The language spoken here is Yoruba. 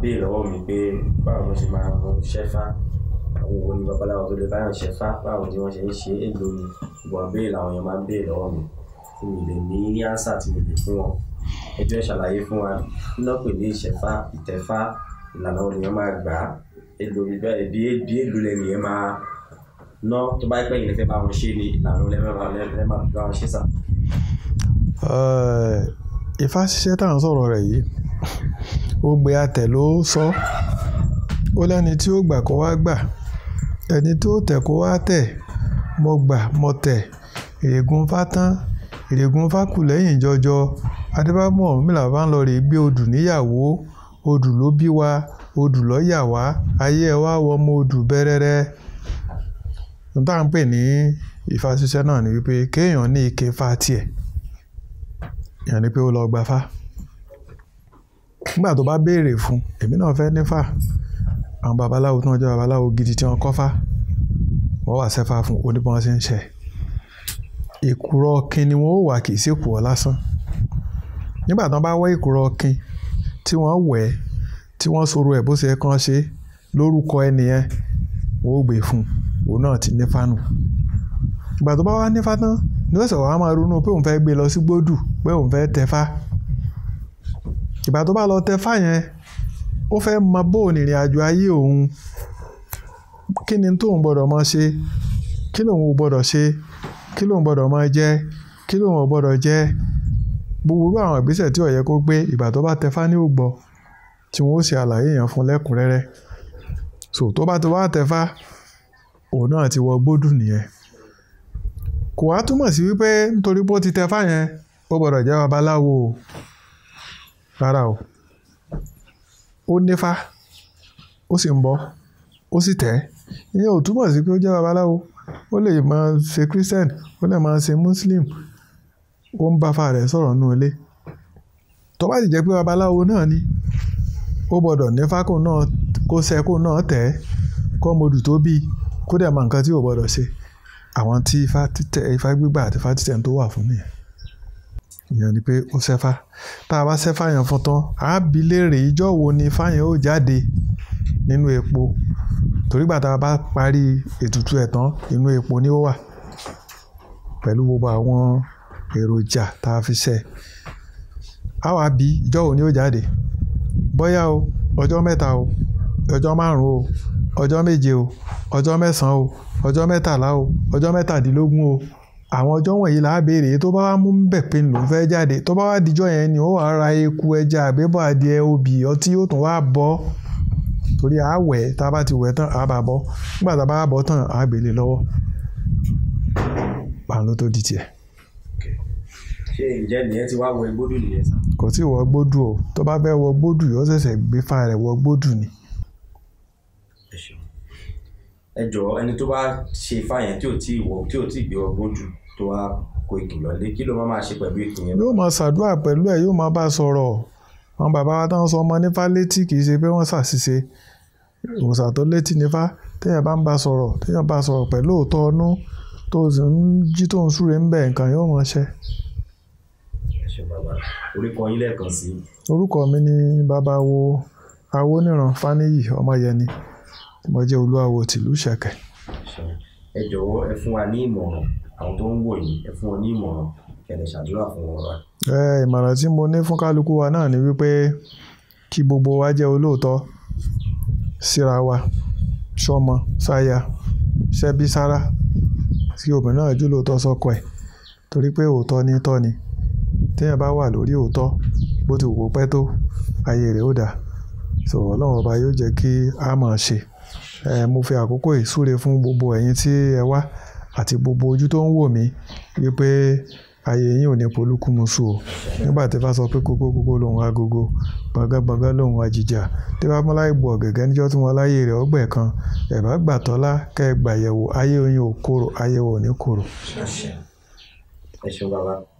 béèrè lọ́wọ́ mi pé báwo mo ṣe máa ń ṣẹ́fá àwọn òwò ni babaláwo tó lè báyọ̀ ṣẹ́fá báwo ni wọ́n ṣe ń ṣe èlò ni ìwà béèrè làwọn èèyàn máa ń béèrè lọ́wọ́ mi tí mi lè ní ní ánsà tí mi lè fún wọn ẹjọ́ ìṣàlàyé fún wa iná pè ní ìṣẹ̀fá ìtẹ̀fá ìlànà òun nìyẹn máa gbà á èlò ìgbà ìbí èbí èlò lẹ́nu yẹn máa ná tó bá pẹ́ yìí lè fẹ́ bá wọn ṣe ni ìlànà òun lẹ́mọ̀ lẹ́mọ̀ bá wọn ṣe sà. Ifá ṣiṣẹ́ tá à ń sọ̀rọ̀ rẹ̀ yìí ògbè atẹ̀ ló sọ ó lẹ́ni tí ó gbà kó wá gbà ẹni tó tẹ̀ kó wá tẹ̀ mo gbà mo tẹ̀ ìrègùn fátán ìrègùn fákù lẹ́yìn jọjọ adébámọ̀ ọ̀rúnmìlà bá ń lọ rèé gbé odù níyàwó odù ló bí wa odù ló yà wá ayé ẹ wá wọ ọmọ odù bẹ́rẹ́rẹ́ n tá à pè ní ìfàṣiṣẹ́ náà ni wípé kéèyàn ní ike fa tiẹ̀ èèyàn ni pé ó lọ gba nígbà tó bá béèrè fún èmi náà fẹ́ nífà àwọn babaláwo tí wọ́n jẹ́ babaláwo gidi tí wọ́n kọ́fà wọ́n wà sẹ́fà fún oníbọn ṣe ń ṣe ìkúrọ̀ ọ̀kin ni wọ́n ó wà kì í sí ìkúrọ̀ lásán nígbà tí wọ́n bá wọ́ ìkúrọ̀ ọ̀kin tí wọ́n wẹ̀ tí wọ́n sọ̀rọ̀ ẹ̀ bó ṣe kàn ṣe lórúkọ ẹnìyẹn wọ́n ó gbé e fún un òun náà ti nífà nù ìgbà tó bá wá nífà tán ní ọ̀sẹ̀ wàá máa ronú pé òun fẹ́ gbé lọ sí gbódù pé òun fẹ́ tẹ̀fà ìgbà tó bá lọ tẹ fáyẹn ó fẹ́ mọ bóun ìrìn àjò ayé òun kí ni tóun gbọ́dọ̀ mọ ṣe kí lòun ò gbọ́dọ̀ ṣe kí lòun gbọ́dọ̀ mọ jẹ kí lòun ò gbọ́dọ̀ jẹ gbogbo àwọn ìgbésẹ̀ tí ó yẹ kó gbé ìgbà tó bá tẹ fá ní ògbọ tí wọn ó ṣe àlàyé yẹn fún lẹ́kùnrẹ́rẹ́ so tó bá tó bá tẹ fá òun náà ti wọ gbódùn nìyẹn kò wá túmọ̀ sí wípé nítorí pé ti tẹ fá yẹn ó gbọ́dọ̀ jẹ́ babaláwo o rárá o ó nífá ó sì ń bọ ó sì tẹ̀ ìyẹn ò túbọ̀ sí pé ó jẹ́ babaláwo ó lè máa ṣe christian ó lè máa ṣe muslim ó ń bá fa rẹ̀ sọ̀rọ̀ nù ilé tó bá sì jẹ́ pé babaláwo náà ni ó gbọ́dọ̀ nífá kó náà kó ṣe kó náà tẹ̀ kó modù tó bí kó dẹ̀ mọ nǹkan tí ò gbọ́dọ̀ ṣe àwọn tí ifá gbígbà àti ifá títẹ̀ tó wà fún nìyẹn ìyẹn ni pé ó sẹ́fà tá a bá sẹ́fà yẹn fún tán á bi léèrè ìjọ́ wo ni fáyẹn ó jáde nínú epo torí gbà tá a bá parí ètùtù ẹ̀ tán inú epo ni ó wà pẹ̀lú gbogbo àwọn èròjà tá a fi sẹ́ á wá bi ìjọ́ wo ni ó jáde bóyá o ọjọ́ mẹ́ta o ọjọ́ márùn-ún o ọjọ́ méje o ọjọ́ mẹ́sàn-án o ọjọ́ mẹ́tàlá o ọjọ́ mẹ́tàdínlógún o àwọn ọjọ́ wọ̀nyí là á béèrè tó bá wá mú bẹ̀ pé ló fẹ́ jáde tó bá wá dijọ́ yẹn ni ó wàá ra eku ẹja àgbébọ̀ adìẹ obì ọtí yóò tún wá bọ́ torí à wẹ̀ tá a bá ti wẹ̀ tán à bá bọ́ nígbà tá a bá bọ́ tán à á gbélé lọ́wọ́ báwọn ló tó di tiẹ̀. ṣé ìjẹ́ nìyẹn ti wá wọ igbódù nìyẹn sá. kò tí ì wọ gbódù o tó bá fẹ́ wọ gbódù yóò ṣẹ̀ṣẹ̀ gbé fáà rẹ̀ wọ gbódù ni ẹ jọ̀ọ́ ẹni tó bá ṣe fáyẹn tí ò tí ì wọ tí ò tí ì gbé ọgbọ́n jù tó wá kó ìkìlọ̀ lé kí ló máa máa ṣe pẹ̀lú ètò yẹn. yóò máa ṣàdúrà pẹ̀lú ẹ̀ yóò máa bá a sọ̀rọ̀ àwọn bàbá wa táwọn sọ ọmọ nífà létí kì í ṣe pé wọ́n ṣàṣìṣe òòṣà tó létí nífà téèyàn bá ń bá sọ̀rọ̀ téèyàn bá sọ̀rọ̀ pẹ̀lú òótọ́ ọnú tó ń jí tó ń súre ń bẹ̀ nǹkan yóò máa ṣe. orúkọ mi ni babawo awoniran faniyi ọmọyẹni tí mo jẹ́ olúwawo tìlú ṣẹ̀kẹ̀. ẹ jọ̀wọ́ ẹ fún wa ní ìmọ̀ràn àwọn tó ń wò yìí ẹ fún wọn ní ìmọ̀ràn kẹlẹ ṣàdúrà fún wọn wa. ẹ ìmọ̀ràn tí mo ní fún kálukú wa náà ni wípé kí gbogbo wa jẹ́ olóòótọ́ síra wa sọmọ sáyà ṣẹbí sára kí obìnrin náà jùlọ tọ́ ẹ̀ torí pé òótọ́ ní tọ́ ni téèyàn bá wà lórí òótọ́ bó ti wò pẹ́ tó ayé rẹ̀ ó dáa so ọlọ́run ọba yóò jẹ́ kí a máa ṣe ẹ mo fi àkókò yìí súre fún gbogbo ẹ̀yin tí ẹ wá àti gbogbo ojú tó ń wò mí wípé ayé yín ò ní polúkúmuṣu o nígbà tí bá sọ pé kókókókó lòun agogo gbọ̀ngàngbọ̀ngàn lòun àjìjà tí bá mú láì bọ̀ gẹ́gẹ́ níjọ́ tí wọ́n láyé rẹ̀ ọgbẹ́ kan ẹ̀bá gbàtọ́lá kẹ́ ẹ gbàyẹ̀wò ayé oyin ò korò ayé ò ní korò. ẹ ṣeun bàbá.